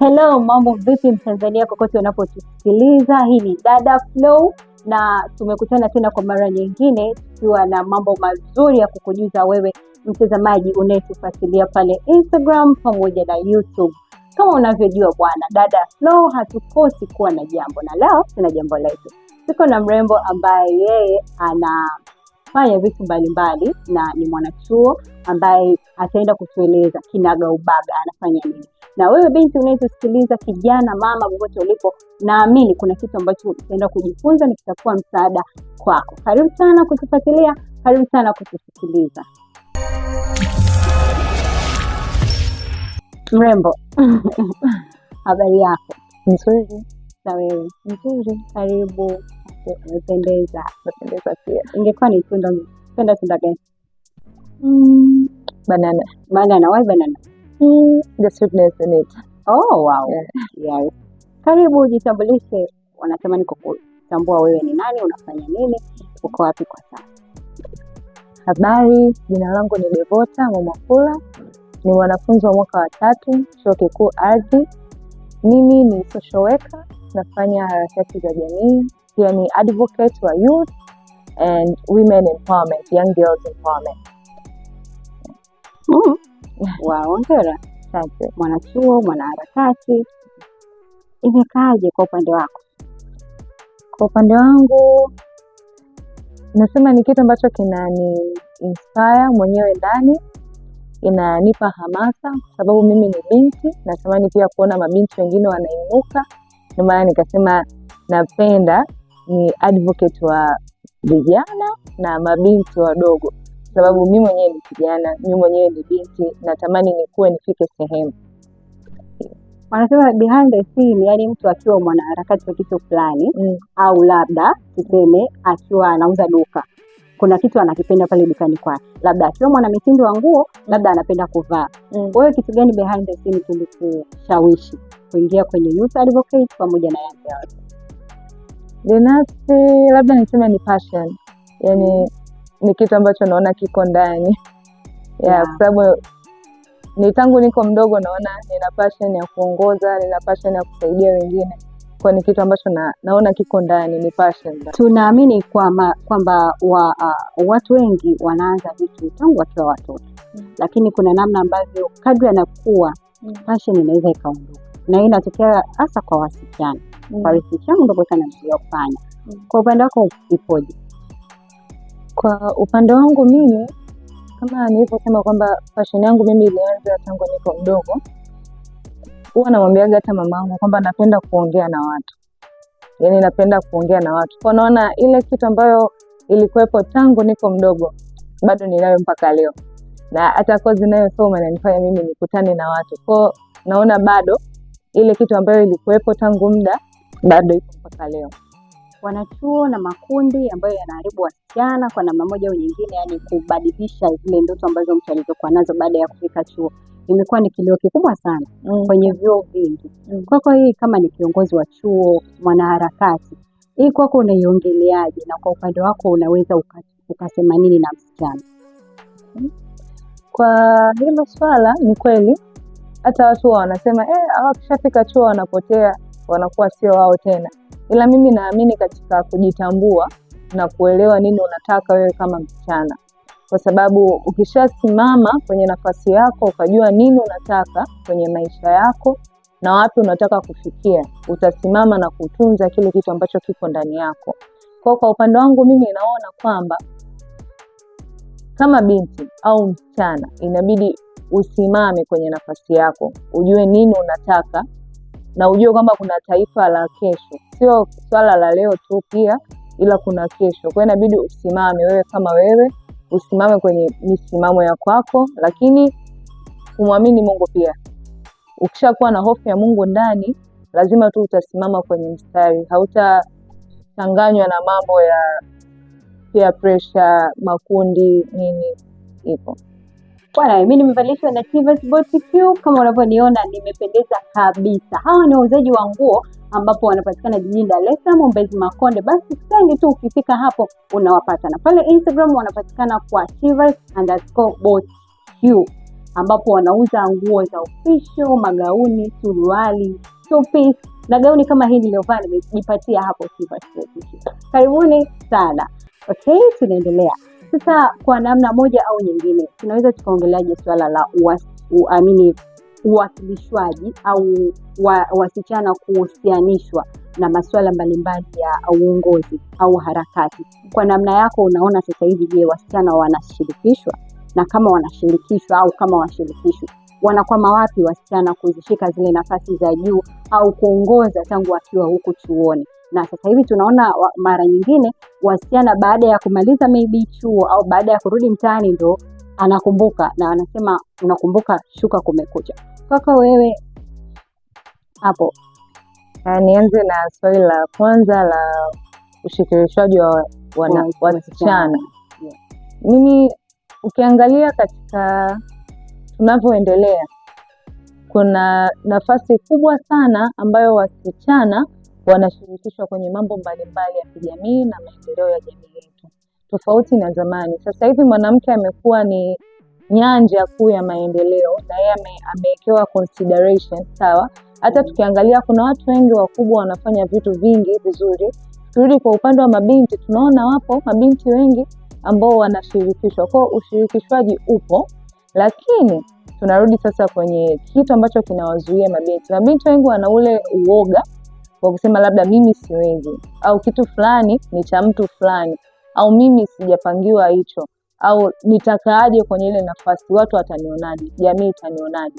Hello, mambo vipi Mtanzania, kokote unapotusikiliza, hii ni Dada Flow na tumekutana tena kwa mara nyingine tukiwa na mambo mazuri ya kukujuza wewe mtazamaji unayetufuatilia pale Instagram pamoja na YouTube. Kama unavyojua bwana, Dada Flow hatukosi kuwa na jambo, na leo tuna jambo letu. Tuko na mrembo ambaye yeye anafanya vitu mbalimbali na ni mwanachuo ambaye ataenda kutueleza kinaga ubaga anafanya nini. Na wewe binti unayetusikiliza, kijana, mama, popote ulipo, naamini kuna kitu ambacho utaenda kujifunza na kitakuwa msaada kwako. Karibu sana kutufuatilia, karibu sana kutusikiliza. Mrembo, habari yako? Nzuri. Na wewe? Nzuri. Karibu. Umependeza. Umependeza pia. Ingekuwa ni tunda, penda tunda gani? mm banana. Banana. Why banana? Mm, the sweetness in it. Oh, wow. Yeah. Yeah. Karibu, jitambulishe. wanasema niko kutambua wewe ni nani, unafanya nini, uko wapi kwa sasa? Habari, jina langu ni Devota Mwamakula, ni mwanafunzi wa mwaka wa tatu chuo kikuu Ardhi. Mimi ni social nafanya harakati za jamii, pia ni advocate wa youth and women empowerment, young girls empowerment wa ongera Waongera mwanachuo, mwanaharakati, imekaaje kwa upande wako? Kwa upande wangu nasema ni kitu ambacho kinani inspire mwenyewe ndani, inanipa hamasa kwa sababu mimi ni binti, natamani pia kuona mabinti wengine wanainuka. Ndio maana nikasema napenda ni advocate wa vijana na mabinti wadogo sababu mi mwenyewe ni kijana, mi mwenyewe ni binti, natamani nikuwe nifike sehemu. Wanasema behind the scene, yaani mtu akiwa mwanaharakati wa kitu fulani mm. au labda tuseme akiwa anauza duka kuna kitu anakipenda pale dukani kwake, labda akiwa mwanamitindo wa nguo, labda anapenda kuvaa mm. Wewe kitu gani behind the scene kilikushawishi kuingia kwenye youth advocate pamoja na Young Binafsi labda niseme ni passion, yaani, mm ni kitu ambacho naona kiko ndani yeah, yeah, kwa sababu ni tangu niko mdogo naona nina passion ya kuongoza, nina passion ya kusaidia wengine kwa ni kitu ambacho na, naona kiko ndani ni passion. Tunaamini kwamba kwa wa, uh, watu wengi wanaanza vitu tangu wakiwa watoto mm. Lakini kuna namna ambavyo kadri anakuwa mm. passion inaweza ikaondoka, na hii inatokea hasa kwa wasichana mm. Kwa wasichana ndogo sana kufanya mm. Kwa upande wako ipoje? Kwa upande wangu mimi, kama nilivyosema kwamba fashion yangu mimi ilianza tangu niko mdogo, huwa namwambiaga hata mamangu kwamba napenda kuongea na watu, yaani napenda kuongea na watu, kwa naona ile kitu ambayo ilikuwepo tangu niko mdogo bado ninayo mpaka leo, na hata kozi inayosoma inanifanya mimi nikutane na watu, ko, naona bado ile kitu ambayo ilikuwepo tangu muda bado ipo mpaka leo wanachuo na makundi ambayo yanaharibu wasichana kwa namna moja au nyingine, yani kubadilisha zile ndoto ambazo mtu alizokuwa nazo baada ya kufika chuo imekuwa ni kilio kikubwa sana mm. kwenye vyuo vingi mm. Kwako hii kama ni kiongozi wa chuo, mwanaharakati, hii kwako unaiongeleaje, na kwa upande wako unaweza ukasema nini na msichana mm. Kwa hilo swala, ni kweli hata watu wanasema eh, hawakishafika chuo wanapotea, wanakuwa sio wao tena ila mimi naamini katika kujitambua na kuelewa nini unataka wewe kama msichana, kwa sababu ukishasimama kwenye nafasi yako ukajua nini unataka kwenye maisha yako na wapi unataka kufikia, utasimama na kutunza kile kitu ambacho kiko ndani yako. Kwa kwa upande wangu mimi naona kwamba kama binti au msichana inabidi usimame kwenye nafasi yako, ujue nini unataka na ujue kwamba kuna taifa la kesho, sio swala la leo tu pia, ila kuna kesho. Kwa hiyo inabidi usimame wewe kama wewe, usimame kwenye misimamo ya kwako, lakini kumwamini Mungu pia. Ukishakuwa na hofu ya Mungu ndani, lazima tu utasimama kwenye mstari, hautachanganywa na mambo ya peer pressure, makundi nini, hivyo. Bwana, mimi nimevalishwa na Tivas Boutique kama unavyoniona nimependeza kabisa. Hawa ni wauzaji wa nguo ambapo wanapatikana jijini Dar es Salaam, Mbezi Makonde. Basi stendi tu ukifika hapo unawapata, na pale Instagram wanapatikana kwa Chivas underscore boutique ambapo wanauza nguo za official, magauni, suruali, shopis na gauni kama hili niliyovaa nimejipatia hapo Tivas Boutique. Karibuni sana. Okay, tunaendelea. Sasa kwa namna moja au nyingine, tunaweza tukaongeleaje swala la uamini uwakilishwaji au wa, wasichana kuhusianishwa na masuala mbalimbali ya uongozi au harakati. Kwa namna yako unaona sasa hivi, je, wasichana wanashirikishwa? Na kama wanashirikishwa au kama washirikishwi, wanakwama wapi wasichana kuzishika zile nafasi za juu au kuongoza tangu wakiwa huku chuoni? na sasa hivi tunaona mara nyingine wasichana baada ya kumaliza maybe chuo au baada ya kurudi mtaani ndo anakumbuka na anasema unakumbuka shuka kumekucha. Kaka wewe hapo ah, nianze na swali la kwanza la ushirikishwaji wa wasichana. Yeah. Mimi ukiangalia katika tunavyoendelea kuna nafasi kubwa sana ambayo wasichana wanashirikishwa kwenye mambo mbalimbali ya kijamii na maendeleo ya jamii yetu, tofauti na zamani. Sasa hivi mwanamke amekuwa ni nyanja kuu ya maendeleo na yeye amewekewa consideration sawa. Hata tukiangalia kuna watu wengi wakubwa wanafanya vitu vingi vizuri. Tukirudi kwa upande wa mabinti, tunaona wapo mabinti wengi ambao wanashirikishwa, kwao ushirikishwaji upo, lakini tunarudi sasa kwenye kitu ambacho kinawazuia mabinti. Mabinti wengi wana ule uoga kwa kusema labda mimi siwezi, au kitu fulani ni cha mtu fulani, au mimi sijapangiwa hicho, au nitakaaje kwenye ile nafasi, watu watanionaje, jamii itanionaje?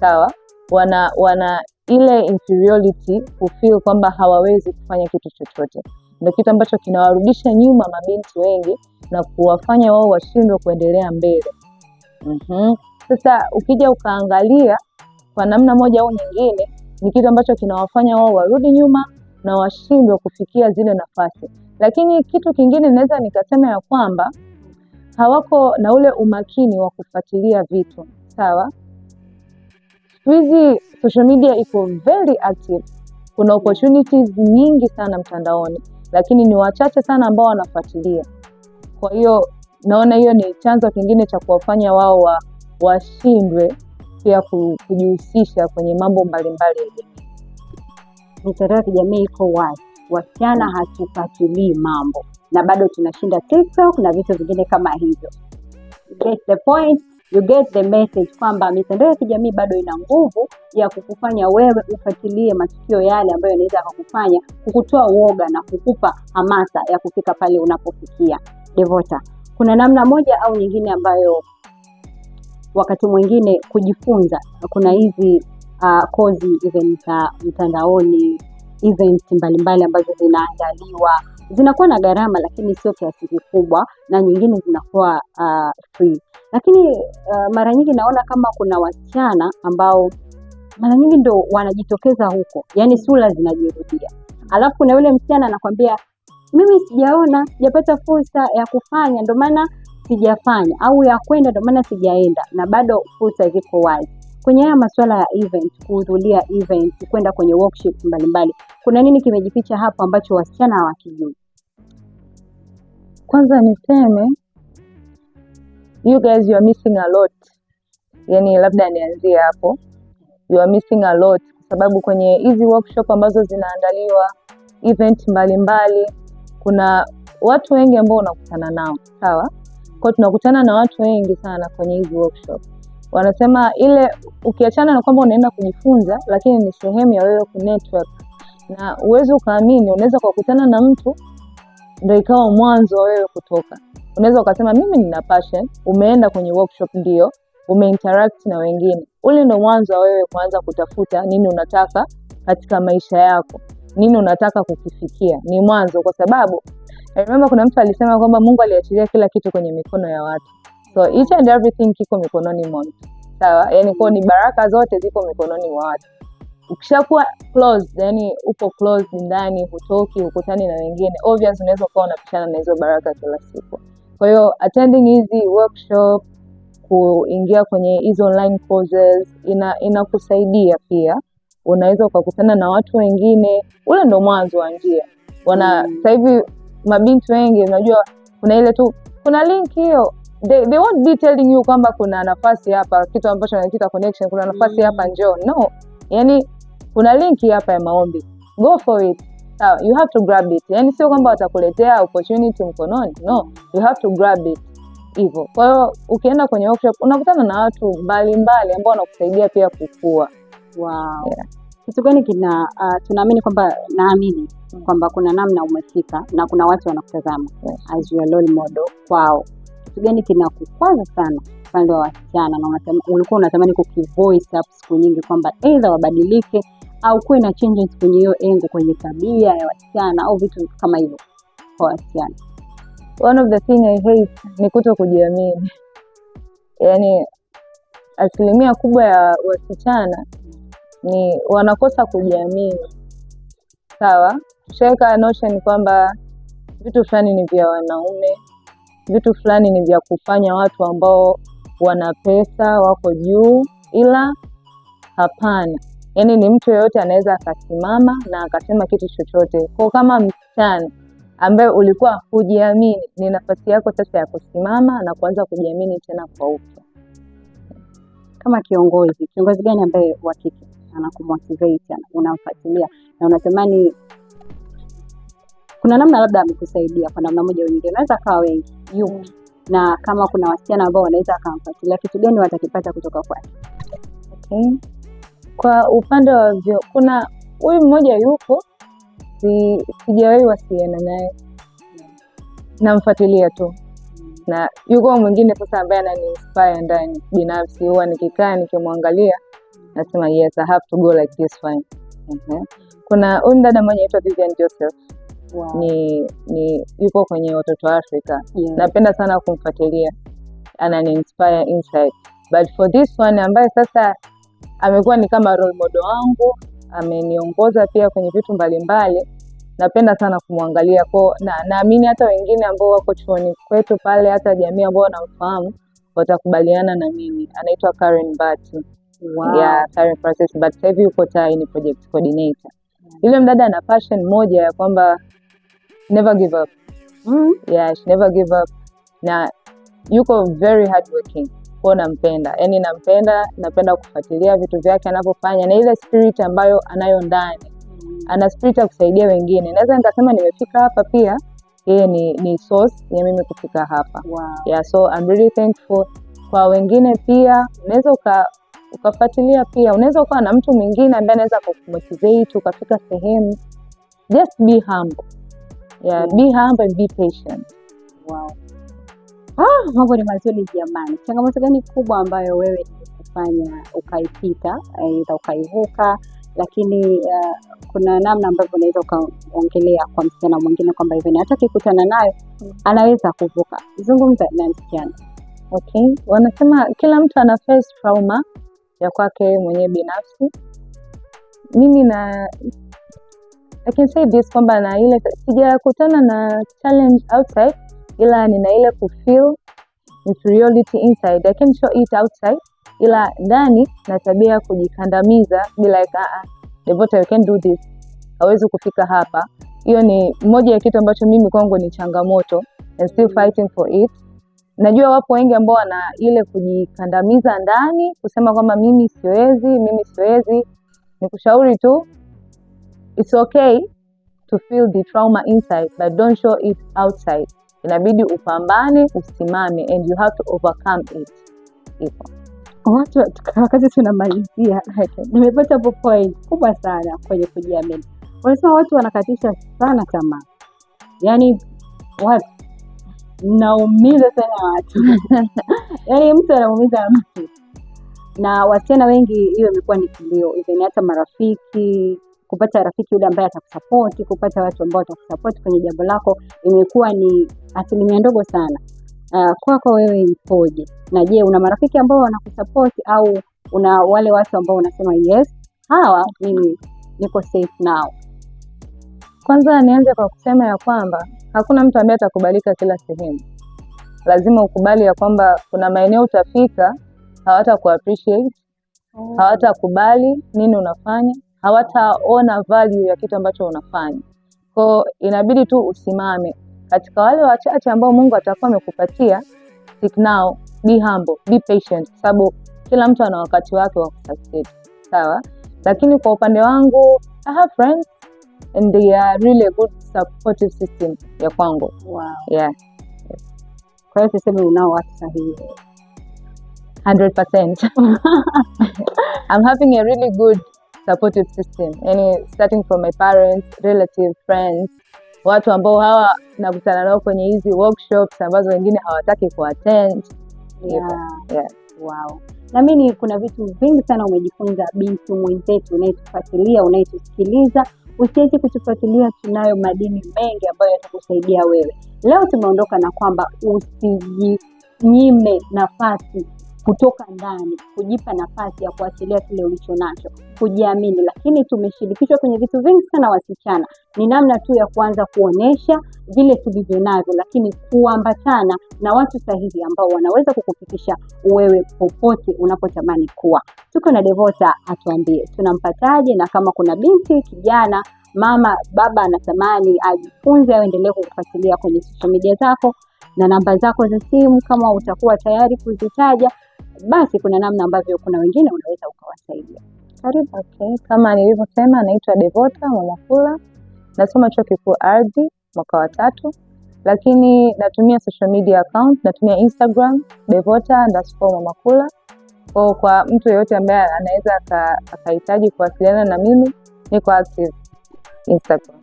Sawa, wana wana ile inferiority kufeel kwamba hawawezi kufanya kitu chochote. ndo kitu ambacho kinawarudisha nyuma mabinti wengi na kuwafanya wao washindwe kuendelea mbele. mm -hmm. Sasa ukija ukaangalia kwa namna moja au nyingine, ni kitu ambacho kinawafanya wao warudi nyuma na washindwe kufikia zile nafasi. Lakini kitu kingine naweza nikasema ya kwamba hawako na ule umakini wa kufuatilia vitu. Sawa, siku hizi social media iko very active, kuna opportunities nyingi sana mtandaoni, lakini ni wachache sana ambao wanafuatilia. Kwa hiyo naona hiyo ni chanzo kingine cha kuwafanya wao washindwe wa pia kujihusisha kwenye mambo mbalimbali ya jamii. Mitandao ya kijamii iko wazi, wasichana hatupatilii mambo na bado tunashinda TikTok na vitu vingine kama hivyo. You get the point, you get the message kwamba mitandao ya kijamii bado ina nguvu ya kukufanya wewe ufuatilie matukio yale ambayo yanaweza yakakufanya kukutoa uoga na kukupa hamasa ya kufika pale unapofikia. Devota, kuna namna moja au nyingine ambayo wakati mwingine kujifunza. Kuna hizi uh, ah, kozi even za mtandaoni, event mbalimbali ambazo zinaandaliwa zinakuwa na gharama, lakini sio kiasi kikubwa, na nyingine zinakuwa uh, free. Lakini uh, mara nyingi naona kama kuna wasichana ambao mara nyingi ndo wanajitokeza huko, yaani sura zinajirudia, alafu na yule msichana anakwambia mimi sijaona, sijapata fursa ya kufanya, ndio maana sijafanya au ya kwenda, ndio maana sijaenda, na bado fursa ziko wazi kwenye haya masuala ya event, kuhudhuria event, kwenda kwenye workshop mbalimbali. Kuna nini kimejificha hapo ambacho wasichana hawakijui? Kwanza niseme you guys you are missing a lot, yani labda nianzie hapo, you are missing a lot kwa sababu kwenye hizi workshop ambazo zinaandaliwa event mbalimbali mbali, kuna watu wengi ambao unakutana nao sawa kwa tunakutana na watu wengi sana kwenye hizi workshop, wanasema ile ukiachana na kwamba unaenda kujifunza, lakini ni sehemu ya wewe kunetwork, na uwezi ukaamini, unaweza ukakutana na mtu ndo ikawa mwanzo wa wewe kutoka. Unaweza ukasema mimi nina passion, umeenda kwenye workshop ndio umeinteract na wengine, ule ndo mwanzo wa wewe kuanza kutafuta nini unataka katika maisha yako, nini unataka kukifikia, ni mwanzo, kwa sababu remember kuna mtu alisema kwamba Mungu aliachilia kila kitu kwenye mikono ya watu, so each and everything kiko mikononi mwa mtu sawa. Yani kwa ni baraka zote ziko mikononi mwa watu. Ukishakuwa yani upo closed ndani, hutoki, hukutani na wengine, obvious unaweza ukawa unapishana na hizo baraka kila siku. Kwa hiyo attending hizi workshop, kuingia kwenye hizo online courses ina inakusaidia pia, unaweza ukakutana na watu wengine. Ule ndo mwanzo wa njia wana mm. sasa hivi mabinti wengi, unajua kuna ile tu, kuna link hiyo They, they won't be telling you kwamba kuna nafasi hapa, kitu ambacho nakiita connection, kuna nafasi mm. hapa njoo. No, yani kuna link hapa ya maombi, go for it. Now, ah, you have to grab it. Yani sio kwamba watakuletea opportunity mkononi, no, you have to grab it hivyo. Kwa hiyo ukienda kwenye workshop unakutana na watu mbalimbali ambao wanakusaidia pia kukua. Wow. Yeah kitu gani kina uh, tunaamini kwamba naamini kwamba kuna namna umefika na kuna watu wanakutazama yes. as your role model kwao kitu gani kinakukwaza sana upande wa wasichana na ulikuwa unatamani kukivoice up siku nyingi kwamba eidha wabadilike au kuwe na changes kwenye hiyo engo kwenye tabia ya wasichana au vitu kama hivyo kwa wasichana one of the thing I hate ni kuto kujiamini yani asilimia kubwa ya wasichana ni wanakosa kujiamini. Sawa, tushaweka notion kwamba vitu fulani ni vya wanaume, vitu fulani ni vya kufanya watu ambao wana pesa, wako juu, ila hapana. Yaani ni mtu yeyote anaweza akasimama na akasema kitu chochote. Kwa kama msichana ambaye ulikuwa hujiamini, ni nafasi yako sasa ya kusimama na kuanza kujiamini tena kwa upya. Kama kiongozi, kiongozi gani ambaye wa kike anakumotivate, unamfuatilia na unatamani kuna namna labda amekusaidia kwa namna moja nyingine, unaweza kawa wengi mm. na kama kuna wasichana ambao wanaweza akamfuatilia, kitu gani watakipata kutoka kwake? Okay. Kwa upande wa vyo, kuna huyu mmoja yupo, si sijawahi wasiliana naye, namfuatilia tu na yuko mwingine sasa ambaye anani ndani binafsi, huwa nikikaa nikimwangalia nasema yes, I have to go like this fine. Mm -hmm. Kuna huyu mdada mmoja anaitwa Vivian Joseph. Wow. Ni, ni yuko kwenye watoto wa Afrika. Yeah. Napenda sana kumfuatilia, anani inspire inside. But for this one ambaye sasa amekuwa ni kama role model wangu, ameniongoza pia kwenye vitu mbalimbali. Napenda sana kumwangalia ko, na naamini hata wengine ambao wako chuoni kwetu pale, hata jamii ambao wanamfahamu watakubaliana na mimi. Anaitwa Karen Batu wow. ya current process but sasa hivi yuko TAI ni project coordinator. Yule mdada ana passion moja ya kwamba never give up. Mm. Yeah, she never give up na yuko very hard working ko nampenda, yani nampenda, napenda kufuatilia vitu vyake anavyofanya na ile spirit ambayo anayo ndani. Mm-hmm. Ana spirit ya kusaidia wengine, naweza nikasema nimefika hapa pia yeye ni, ni source ya mimi kufika hapa wow. Yeah, so I'm really thankful kwa wengine pia, unaweza ukafuatilia pia. Unaweza ukawa na mtu mwingine ambaye anaweza kukumotivate ukafika sehemu. Just be humble. Yeah, mm. Be humble and be patient. Wow. Ah, mambo ni mazuri jamani. Changamoto gani kubwa ambayo wewe kufanya ukaipita, aidha ukaivuka, lakini uh, kuna namna ambavyo unaweza ukaongelea kwa msichana mwingine kwamba hivi hata akikutana nayo mm. anaweza kuvuka. Zungumza na msichana. Okay, wanasema kila mtu ana face trauma ya kwake yeye mwenyewe binafsi. Mimi na I can say this kwamba na ile sijakutana na challenge outside, ila nina ile kufeel inferiority inside. I can show it outside, ila ndani na tabia ya kujikandamiza, be like ah, ah Devota you can do this, hawezi kufika hapa. Hiyo ni moja ya kitu ambacho mimi kwangu ni changamoto and still fighting for it Najua wapo wengi ambao wana ile kujikandamiza ndani, kusema kwamba mimi siwezi, mimi siwezi. Ni kushauri tu, it's okay to feel the trauma inside but don't show it outside. Inabidi upambane, usimame and you have to overcome it. Ipo watu wakati tunamalizia, nimepata hapo point kubwa sana kwenye kujiamini. Unasema watu wanakatisha sana tamaa, yani watu naumiza sana watu yaani mtu anaumiza mtu, na wasichana wengi hiyo imekuwa ni kilio, hata marafiki kupata rafiki yule ambaye atakusapoti, kupata watu ambao watakusapoti kwenye jambo lako imekuwa ni asilimia ndogo sana. Uh, kwako wewe ipoje? Na je, una marafiki ambao wanakusapoti au una wale watu ambao unasema yes, hawa mimi niko safe nao? Kwanza nianze kwa kusema ya kwamba hakuna mtu ambaye atakubalika kila sehemu. Lazima ukubali ya kwamba kuna maeneo utafika hawata ku appreciate, oh. hawatakubali nini unafanya, hawataona value ya kitu ambacho unafanya. Kwa inabidi tu usimame katika wale wachache ambao Mungu atakuwa amekupatia. Sit now, be humble, be patient, sababu kila mtu ana wakati wake wa kusucceed. Sawa, lakini kwa upande wangu I have friends and they are really a good supportive system ya kwangu. Wow. Yeah. Kwa hiyo tuseme unao watu sahihi. 100%. I'm having a really good supportive system. Any yaani, starting from my parents, relative, friends, watu ambao hawa nakutana nao kwenye hizi workshops ambazo wengine hawataki kuattend. Yeah. Yeah. Wow. Na mimi kuna vitu vingi sana umejifunza, binti mwenzetu unayetufuatilia, unayetusikiliza usiweze kutufuatilia, tunayo madini mengi ambayo yatakusaidia wewe. Leo tumeondoka na kwamba usijinyime nafasi kutoka ndani, kujipa nafasi ya kuachilia kile ulicho nacho, kujiamini. Lakini tumeshirikishwa kwenye vitu vingi sana wasichana, ni namna tu ya kuanza kuonesha vile tulivyo navyo, lakini kuambatana na watu sahihi ambao wanaweza kukufikisha wewe popote unapotamani kuwa. Tuko na Devota, atuambie tunampataje, na kama kuna binti, kijana, mama, baba anatamani ajifunze au endelee kukufuatilia kwenye social media zako na namba zako za simu kama utakuwa tayari kuzitaja basi kuna namna ambavyo kuna wengine unaweza ukawasaidia. Karibu. Okay, kama nilivyosema, naitwa Devota Mwamakula, nasoma chuo kikuu Ardhi mwaka wa tatu, lakini natumia social media account, natumia Instagram Devota underscore Mwamakula. Kwa, kwa mtu yeyote ambaye anaweza akahitaji kuwasiliana na mimi niko active Instagram.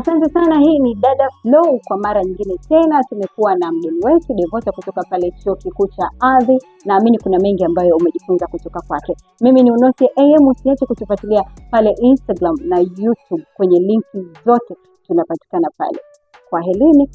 Asante sana. Hii ni Dada Flow. Kwa mara nyingine tena tumekuwa na mgeni wetu Devota kutoka pale chuo kikuu cha Ardhi. Naamini kuna mengi ambayo umejifunza kutoka kwake. Mimi ni Unosi AM. Usiache kutufuatilia pale Instagram na YouTube, kwenye linki zote tunapatikana pale. kwa helini